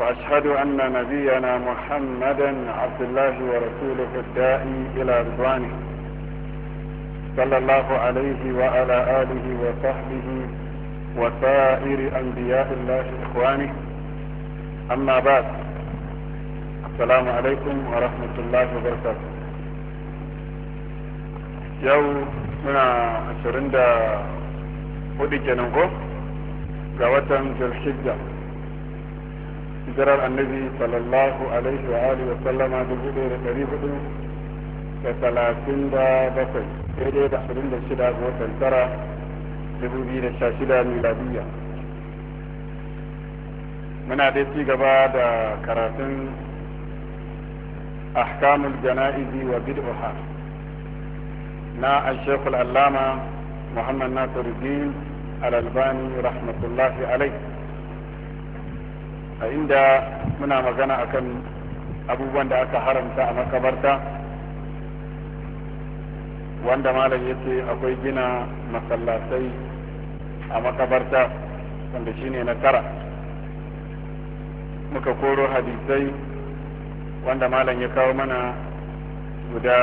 وأشهد أن نبينا محمدا عبد الله ورسوله الداعي إلى رضوانه صلى الله عليه وعلى آله وصحبه وسائر أنبياء الله إخوانه أما بعد السلام عليكم ورحمة الله وبركاته yau muna ashirin da hudu kenan ko ga watan hijirar annabi sallallahu alaihi wa alihi wa sallama dubu ɗaya da ɗari hudu da talatin da bakwai daidai da ashirin da shida ga watan tara dubu biyu da sha shida miladiyya muna dai ci gaba da karatun ahkamul jana'izi wa bid'uha na al-shaykhul allama muhammad nasiruddin al-albani rahmatullahi alaihi a inda muna magana akan abubuwan da aka haramta a makabarta wanda malam ya ce akwai gina masallatai a makabarta wanda shine na tara muka koro hadisai wanda malam ya kawo mana guda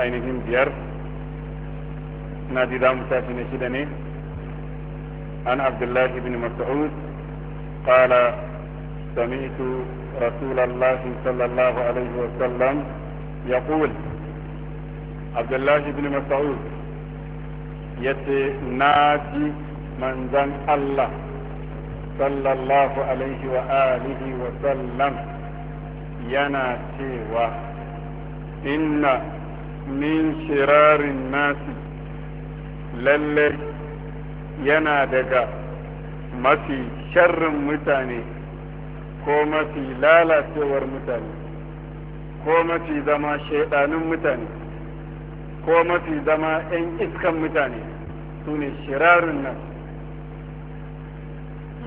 ainihin biyar na ji za mu tafi na shida ne an abdullahi bin mas'ud قال سمعت رسول الله صلى الله عليه وسلم يقول عبد الله بن مسعود يتي ناجي من ذن الله صلى الله عليه وآله وسلم يناتي و إن من شرار الناس للي yana ما في شر متاني ko mafi lalacewar mutane ko mafi zama shaidanin mutane ko mafi zama 'yan iskan mutane su ne shirarun nan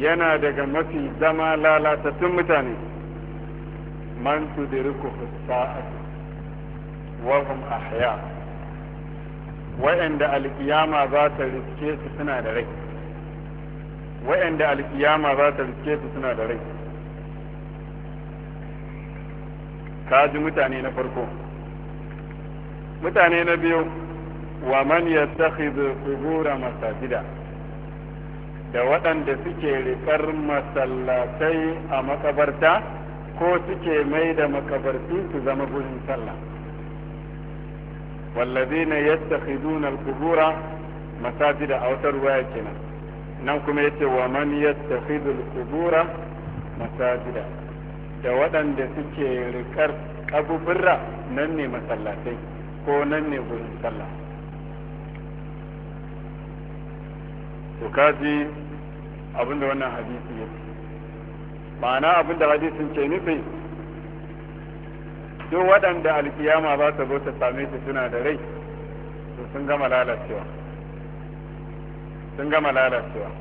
yana daga mafi zama lalatattun mutane man tudiriku sa'atu wa hum ahya wa'anda alkiyama za ta riske su suna da rai wa'anda alkiyama za ta riske su suna da rai ka ji mutane na farko mutane na biyu wa man yattakhidhu qubura masajida da waɗanda suke riƙar masallatai a makabarta ko suke mai da makabarti su zama gurin sallah wallazina yattakhiduna al-qubura masajida a wata ruwaya kenan nan kuma yace wa man yattakhidhu al-qubura masajida da waɗanda suke rikar kabuburra nan ne masallatai ko nan ne gurin sallah to kaji abinda wannan hadisi ya ce ma'ana abinda hadisin ce nufi duk waɗanda alkiyama ba ta zo ta same su suna da rai to sun gama lalacewa sun gama lalacewa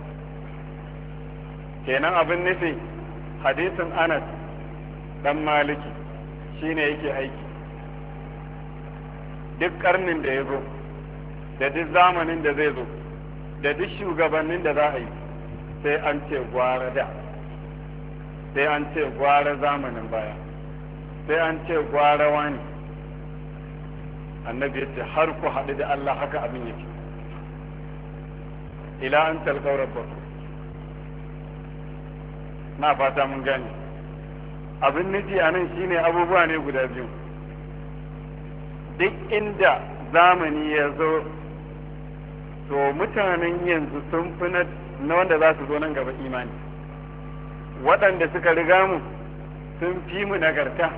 kenan abin nufi hadisin anas dan maliki shine yake aiki duk karnin da ya zo da duk zamanin da zai zo da duk shugabannin da za a yi sai an ce gwara da sai an ce gwara zamanin baya sai an ce gwara wani annabi yace har ku haɗu da Allah haka abin yake ila an talqaw rabbakum na fata mun gani. abin nufi a nan shine abubuwa ne guda biyu duk inda zamani ya zo to mutanen yanzu sun fi na wanda za su zo nan gaba imani waɗanda suka riga mu sun fi mu nagarta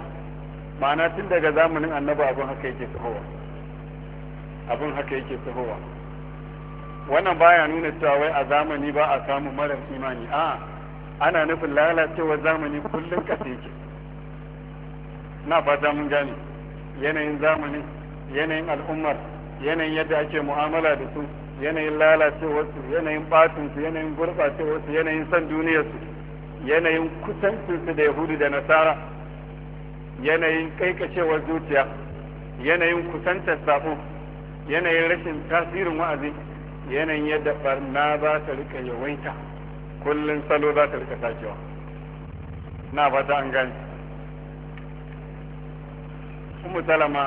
ma'ana tun daga zamanin annaba abin haka yake tsohowa abin haka yake tsohowa wannan baya nuna cewa wai a zamani ba a samu marar imani a'a ana nufin lalacewa zamani kullum ƙasa yake na fata mun gane yanayin zamani yanayin al'ummar yanayin yadda ake mu'amala da su yanayin lalacewarsu yanayin su yanayin gurɓacewarsu yanayin san duniyarsu yanayin kusancinsu da yahudu da nasara yanayin kaikacewar zuciya yanayin kusantar sabo yanayin rashin tasirin wa'azi yanayin yadda barna za ta rika yawaita kullum salo za ta rika sakewa na fata an gani kuma salama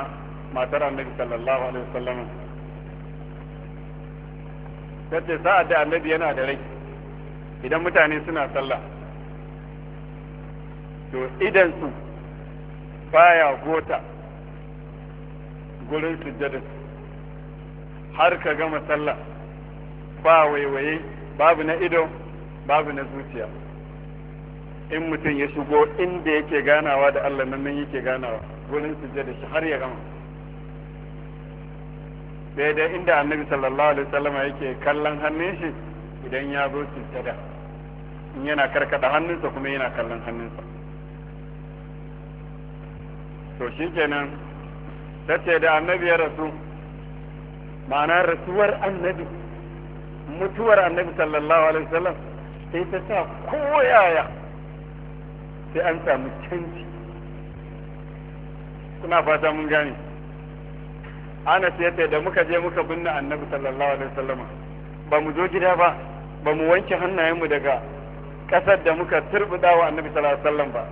matar annabi sallallahu alaihi wasallam tace sa'ad da annabi yana da rai idan mutane suna sallah to idan su baya gota gurin sujjada har ka gama sallah ba waiwaye babu na ido babu na zuciya in mutum ya shigo inda yake ganawa da Allah nan nan yake ganawa gurin da shi har ya gama daidai inda annabi sallallahu alaihi wasallam yake kallon hannun shi idan ya zo sujjada in yana karkada hannunsa kuma yana kallon hannunsa to shikenan tace da annabi ya rasu ma'ana rasuwar annabi mutuwar annabi sallallahu alaihi wasallam sai ta sa koyaya sai an samu canji kuna fata mun gane ana sai da muka je muka binne annabi sallallahu alaihi wasallam ba mu zo gida ba ba mu wanke hannayenmu daga kasar da muka turbuda wa annabi sallallahu alaihi wasallam ba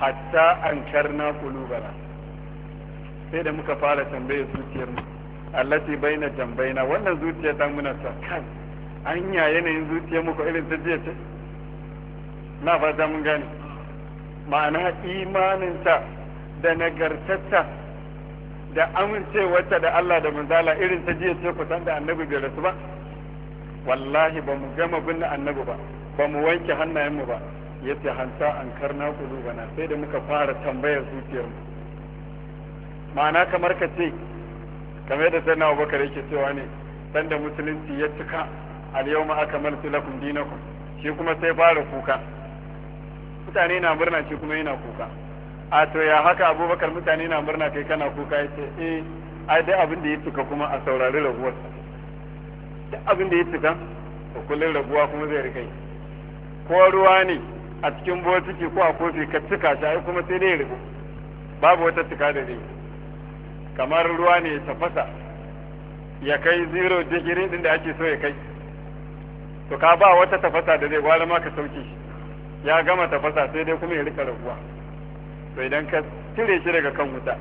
hatta an karna kulubana sai da muka fara tambayar zuciyarmu allati baina jambaina wannan zuciya ta muna sa kai anya yanayin zuciya muku irin ta jiya ce na fata mun gani ma'ana imaninta da nagartatta da amincewarta da Allah da manzala irin ta jiya ce san da annabi bai rasu ba wallahi ba mu gama binne annabi ba ba mu wanke hannayenmu ba ya ce hanta an karna bana sai da muka fara tambayar zuciyarmu ma'ana kamar ka ce kamar yadda sai na abubakar yake cewa ne sanda musulunci ya cika al akmaltu lakum dinakum shi kuma sai fara kuka mutane na murna shi kuma yana kuka a to ya haka abubakar mutane na murna kai kana kuka yace eh ai dai abin da ya tuka kuma a saurari raguwar duk abin da ya tuka to kullun raguwa kuma zai rika ko ruwa ne a cikin botiki ko a kofi ka tuka shi ai kuma sai dai rigo babu wata tuka da dai kamar ruwa ne ya tafasa ya kai zero digiri din da ake so ya kai to ka ba wata tafasa da zai gwara ma ka sauke shi ya gama tafasa sai dai kuma ya rika raguwa to idan ka cire shi daga kan wuta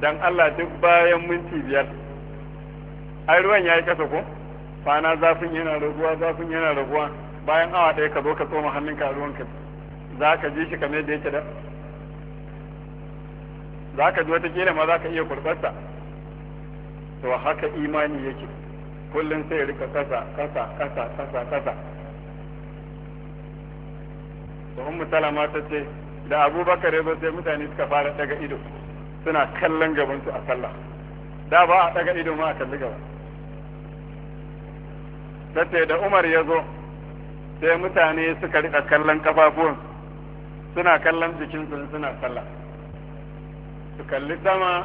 dan Allah duk bayan minti biyar ai ruwan yayi kasa ko fana zafin yana raguwa zafin yana raguwa bayan awa ɗaya ka zo ka tsoma hannunka a ruwan ka za ka ji shi kamar da yake da za ka ji wata kila ma za ka iya kurɓarsa to haka imani yake kullum sai rika kasa kasa kasa kasa kasa to ummu salama ta ce da abubakar ya zo sai mutane suka fara daga ido suna kallon gabansu a sallah da ba a daga ido ma a kalli gaba ta ce da umar ya zo sai mutane suka rika kallon kafafuwan suna kallon jikinsu suna sallah su kalli sama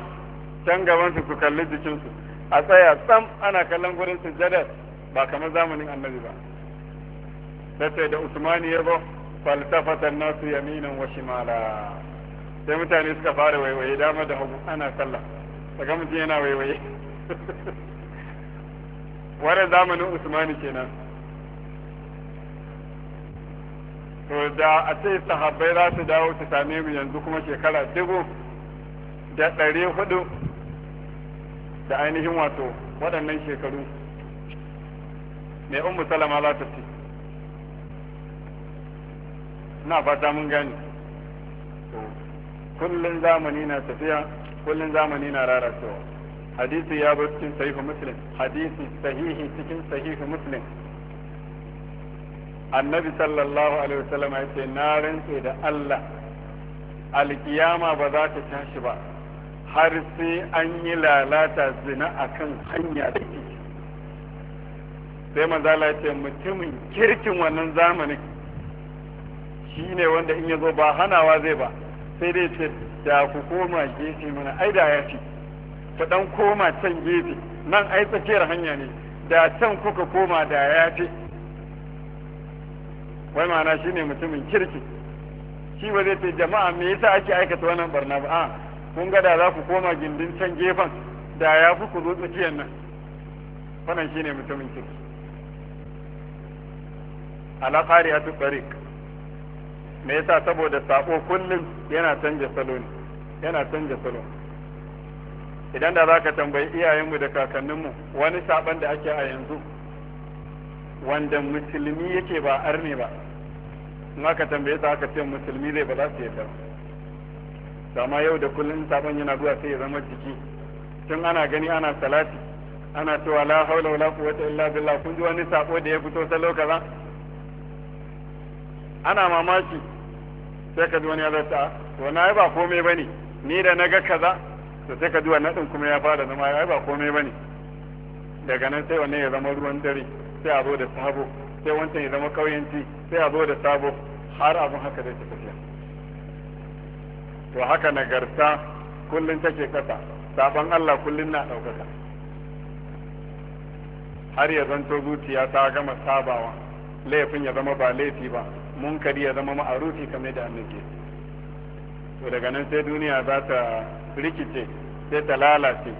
can gabansu su kalli jikinsu a tsaya sam ana kallon gurin sujjadar ba kamar zamanin annabi ba sai da usmani ya zo falsafatan nasu yaminan wa shimala sai mutane suka fara waiwaye dama da hagu ana sallah daga mutum yana waiwaye wani zamanin usmani kenan to da a ce sahabbai za su dawo su same mu yanzu kuma shekara dubu da ɗari hudu da ainihin wato waɗannan shekaru mai umu salama za ta ce na fata mun gani kullum zamani na tafiya kullum zamani na rarasewa hadisi ya bar cikin sahihu muslim hadisi sahihi cikin sahihu muslim annabi sallallahu alaihi wasallam ya ce na rantse da Allah alkiyama ba za ta tashi ba har sai an yi lalata zina a kan hanya da ke sai manzala ce mutumin kirkin wannan zamanin shi ne wanda in ya zo ba hanawa zai ba sai dai ce da ku koma gefe mana ai da ya fi ka dan koma can gefe nan ai tsakiyar hanya ne da can kuka koma da ya fi wai ma'ana shi ne mutumin kirki shi ba zai ce jama'a me yasa ake aikata wannan barna ba kun ga da za ku koma gindin can gefen da ya fi ku zo tsakiyar nan wannan shine mutumin kirki ala qariyatu tariq me yasa saboda sako kullum yana canja salo ne yana canja salo idan da za ka tambayi iyayenmu da kakanninmu wani saban da ake a yanzu wanda musulmi yake ba arne ba in aka tambaye su aka ce musulmi zai ba za su yi ba ma yau da kullum sabon yana zuwa sai ya zama jiki tun ana gani ana salati ana cewa la haula wala quwwata illa billah kun ji wani sako da ya fito salo kaza ana mamaki sai ka ji wani ya zata ah, to na ba komai bane ni da naga kaza to sai ka ji wannan din kuma ya fara zama ai ba komai bane daga nan sai wannan ya zama ruwan dare sai a zo da sabo sai wancan ya zama kauyenci sai a zo da sabo har abin haka zai tafi to haka nagarta kullum take kasa sabon Allah kullum na ɗaukaka har ya zanto zuciya ta gama sabawa laifin ya zama ba laifi ba munkari ya zama ma'arufi kamar da annabi to daga nan sai duniya za ta rikice sai ta lalace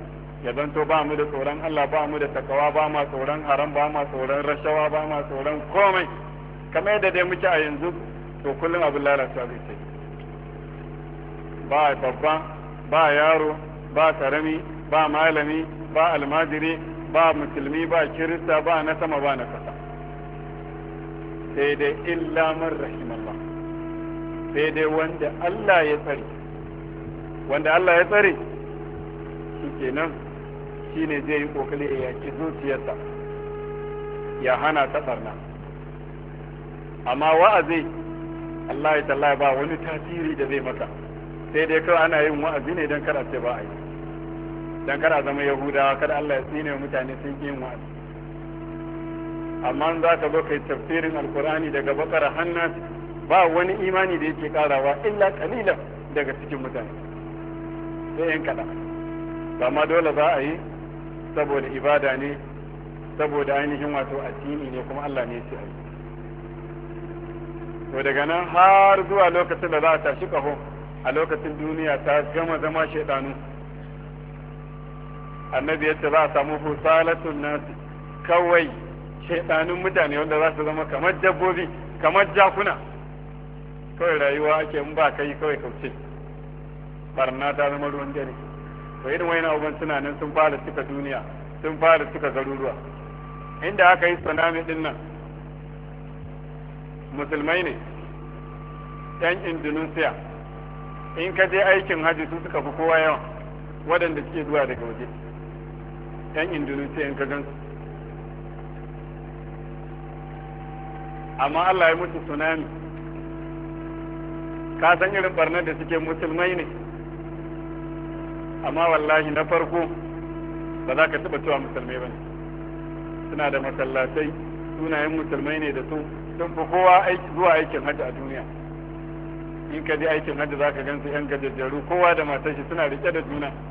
ya zanto ba mu da tsoron Allah ba mu da takawa ba ma tsoron haram ba ma tsoron rashawa ba ma tsoron komai kamar yadda dai muke a yanzu to kullum abin lalacewa zai ce ba babba ba yaro ba karami ba malami ba almajiri ba musulmi ba kirista ba na sama ba na kasa sai dai illa man rahimallah sai dai wanda Allah ya tsare wanda Allah ya tsare shi kenan shi ne zai yi kokari ya yaki zuciyarsa ya hana ta barna amma wa'azi Allah ya ba wani tasiri da zai maka sai dai kawai ana yin wa'azi ne don kada ce ba a yi don kada zama yahudawa kada Allah ya tsine mutane sun yin wa'azi amma za ka zo kai tafsirin alkur'ani daga bakar hannun ba wani imani da yake karawa illa kalilan daga cikin mutane sai yin kada amma dole za a yi saboda ibada ne saboda ainihin wato addini ne kuma Allah ne ya ce a yi daga nan har zuwa lokacin da za a tashi kaho a lokacin duniya ta gama zama shaidanu annabi ce za a samu husalatun nasi kawai shaidanun mutane wanda za su zama kamar dabbobi kamar jakuna kawai rayuwa ake in ba kai kawai kauce barna ta zama ruwan dare to irin wani abubuwan suna nan sun fara cika duniya sun fara cika garuruwa inda aka yi tsunami din nan musulmai ne yan indonesia in ka je aikin hajji su suka fi kowa yawa waɗanda suke zuwa daga waje ɗan indonesia in ka gan su amma allah ya mutu tsunami ka san irin barnar da suke musulmai ne amma wallahi na farko ba za ka taɓa cewa musulmai ba ne suna da masallatai sunayen musulmai ne da su sun fi kowa zuwa aikin hajji a duniya in ka je aikin hajji za ka gan su yan gajajjaru kowa da matar shi suna rike da juna